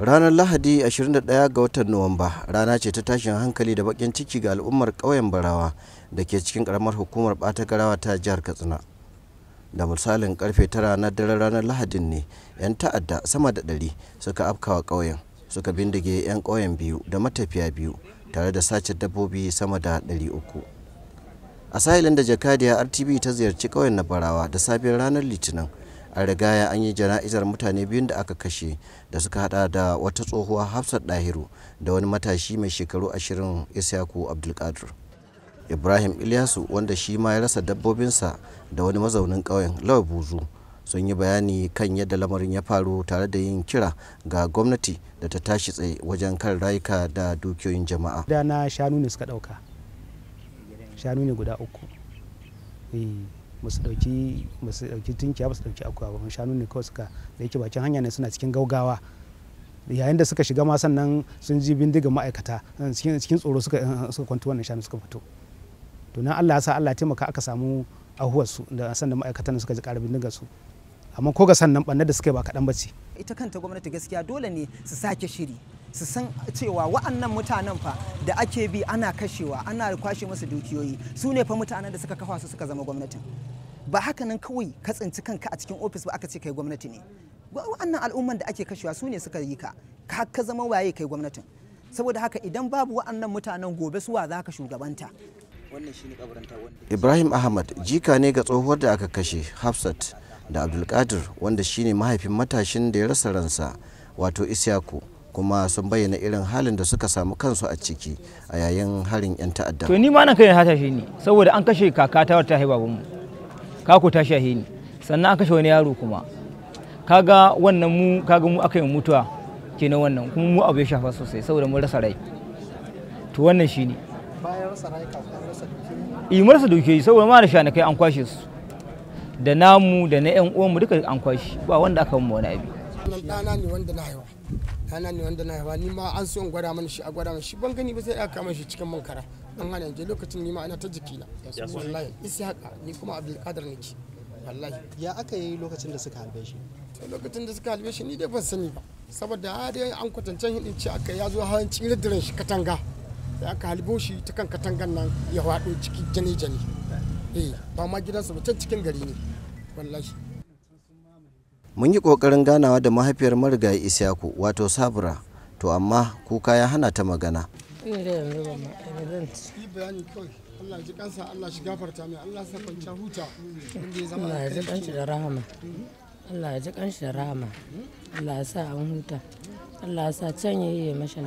ranar lahadi 21 ga watan nuwamba rana ce ta tashin hankali da bakin ciki ga al'ummar ƙauyen barawa da ke cikin karamar hukumar bata garawa ta jihar katsina da misalin karfe tara na daren ranar lahadin ne 'yan ta'adda sama da ɗari suka afkawa ƙauyen suka bindige 'yan ƙauyen biyu da matafiya biyu tare da sace dabbobi sama da ɗari uku. a sahilin da jakadiya rtb ta ziyarci ƙauyen na barawa da safiyar ranar litinin an rigaya an yi jana'izar mutane biyun da aka kashe da suka hada da wata tsohuwa hafsat dahiru da wani matashi mai shekaru ashirin isyaku abdulkadir ibrahim ilyasu wanda shi ma ya rasa dabbobinsa da wani mazaunin ƙauyen lawa buzu sun yi bayani kan yadda lamarin ya faru tare da yin kira ga gwamnati da ta tashi tsaye wajen kan rayuka da dukiyoyin jama'a da na shanu ne suka dauka shanu ne guda uku masu eh, dauki tunkiya ba su dauki akuya ba shanu ne kawai suka da yake bakin hanya ne suna cikin gaugawa yayin da suka shiga ma sannan sun ji bindiga ma'aikata eh, cikin tsoro eh, suka kwanto wannan shanu suka fito to nan Allah sa Allah taimaka aka samu ahuwarsu da sannan ma'aikatan suka ji karar bindigar su amma ko ga sannan bannar da suka yi ba kaɗan ba ce ita kanta gwamnati gaskiya dole ne su sake shiri su san cewa wa'annan mutanen fa da ake bi ana kashewa ana kwashe musu dukiyoyi su ne fa mutanen da suka kafa su suka zama gwamnatin ba haka nan kawai ka tsinci kanka a cikin ofis ba aka ce kai gwamnati ne wa'annan al'umman da ake kashewa su ne suka yi ka ka zama waye kai gwamnatin saboda haka idan babu wa'annan mutanen gobe suwa za ka shugabanta ibrahim ahmad jika ne ga tsohuwar da aka kashe hafsat da abdulkadir wanda shine mahaifin matashin da ya rasa ransa wato isyaku kuma sun bayyana irin halin da suka samu kansu a ciki a yayin harin 'yan ta'adda. To ni ma nan kai na shi ni saboda an kashe ta wata haiba mu kako ta shahe ni sannan an kashe wani yaro kuma kaga wannan mu kaga mu aka yi mutuwa kenan wannan kuma mu abu ya shafa sosai saboda mun rasa rai to wannan shine bayan rasa rai kafin rasa eh, rasa dukiyoyi saboda ma da shanakai an kwashe su da namu da na yan uwanmu duka an kwashe ba wanda aka mu wani abu. nan ɗana ne wanda na haihuwa ɗana ne wanda na haihuwa ni ma an so in gwada mana shi a gwada mana shi ban gani ba sai aka kama shi cikin mankara an hana je lokacin ni ma ana ta na wallahi isi haka ni kuma abdulkadir nake wallahi ya aka yi lokacin da suka halbe shi lokacin da suka halbe shi ni dai ban sani ba saboda har dai an kwatancan hidin ci aka ya zo hawan tsiradiran shi katanga sai aka halbo shi ta kan katangan nan ya waɗo ciki jani jani eh ba ma gidansa ba can cikin gari ne wallahi mun yi ƙoƙarin ganawa da mahaifiyar marigayi isyaku wato sabura to amma kuka ya hana ta magana eh, Allah ji ya ji kansa da rahama Allah ya sa an huta Allah ya sa can ya mashi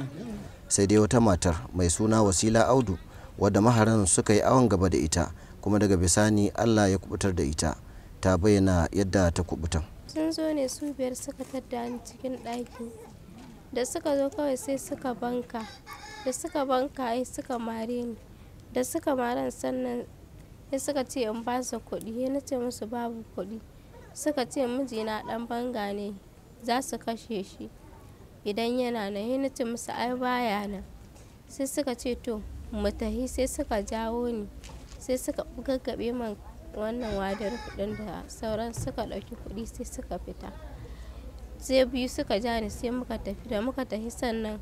sai dai wata matar mai suna Wasila Audu wadda maharan suka yi awon gaba da ita kuma daga bisani Allah ya kubutar da ita ta bayyana yadda ta kubutan sun zo ne su biyar suka tadda ni cikin ɗaki da suka zo kawai sai suka banka da suka banka ai suka mare ni da suka maran sannan sai suka ce in ba su kuɗi na ce musu babu kuɗi suka ce mijina ɗan banga ne za su kashe shi idan yana nan na ce musu ai baya nan sai suka ce to mu tahi sai suka jawo ni sai suka gaggabe man wannan wadar kuɗin da sauran suka ɗauki kuɗi sai suka fita sai biyu suka ja ni sai muka tafi da muka tafi sannan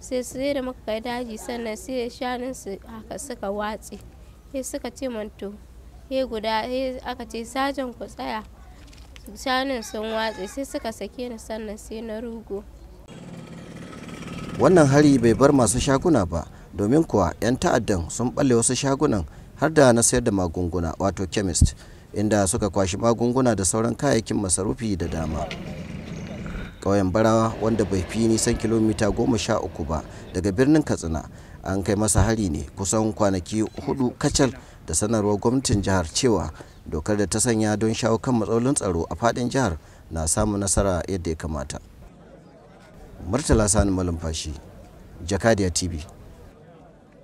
sai sai da muka kai daji sannan sai shanun su haka suka watse sai suka ce manto he guda he aka ce sajan ku tsaya shanun sun watse sai suka sake ni sannan sai na rugo wannan hari bai bar masu shaguna ba domin kuwa 'yan ta'addan sun balle wasu shagunan har da na sayar da magunguna wato chemist inda suka kwashi magunguna da sauran kayayyakin masarufi da dama ƙauyen barawa wanda bai fi nisan kilomita goma sha uku ba daga birnin katsina an kai masa hari ne kusan kwanaki hudu kacal da sanarwar gwamnatin jihar cewa dokar da ta sanya don shawo kan matsalolin tsaro a fadin jihar na samun nasara yadda ya kamata murtala sani malumfashi jakadiya tv